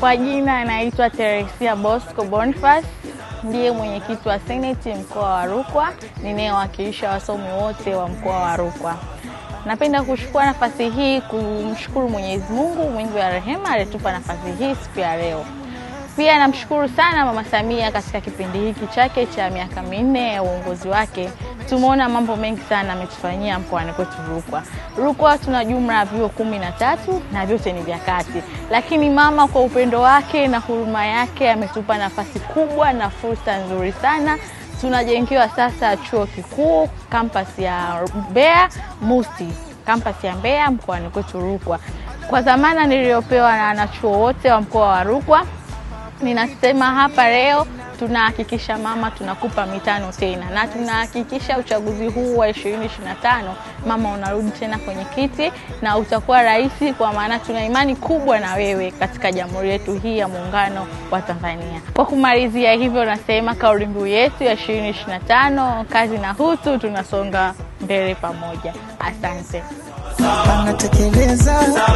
Kwa jina anaitwa Teresia Bosco bonifas ndiye mwenyekiti wa seneti mkoa wa Rukwa, ninayewakilisha wasomi wote wa mkoa wa Rukwa. Napenda kuchukua nafasi hii kumshukuru Mwenyezi Mungu mwingi wa rehema aliyetupa nafasi hii siku ya leo. Pia namshukuru sana Mama Samia katika kipindi hiki chake cha miaka minne ya uongozi wake tumeona mambo mengi sana ametufanyia mkoani kwetu Rukwa. Rukwa tuna jumla ya vyuo kumi na tatu na vyote ni vya kati, lakini mama kwa upendo wake na huruma yake ametupa nafasi kubwa na fursa nzuri sana. Tunajengewa sasa chuo kikuu kampasi ya Mbeya musi kampasi ya Mbeya mkoani kwetu Rukwa. Kwa dhamana niliyopewa na wanachuo wote wa mkoa wa Rukwa, ninasema hapa leo tunahakikisha mama tunakupa mitano tena, na tunahakikisha uchaguzi huu wa 2025 mama unarudi tena kwenye kiti na utakuwa rais, kwa maana tuna imani kubwa na wewe katika jamhuri yetu hii ya muungano wa Tanzania. Kwa kumalizia hivyo, nasema kauli mbiu yetu ya 2025 kazi na hutu, tunasonga mbele pamoja. Asante. Anatekeleza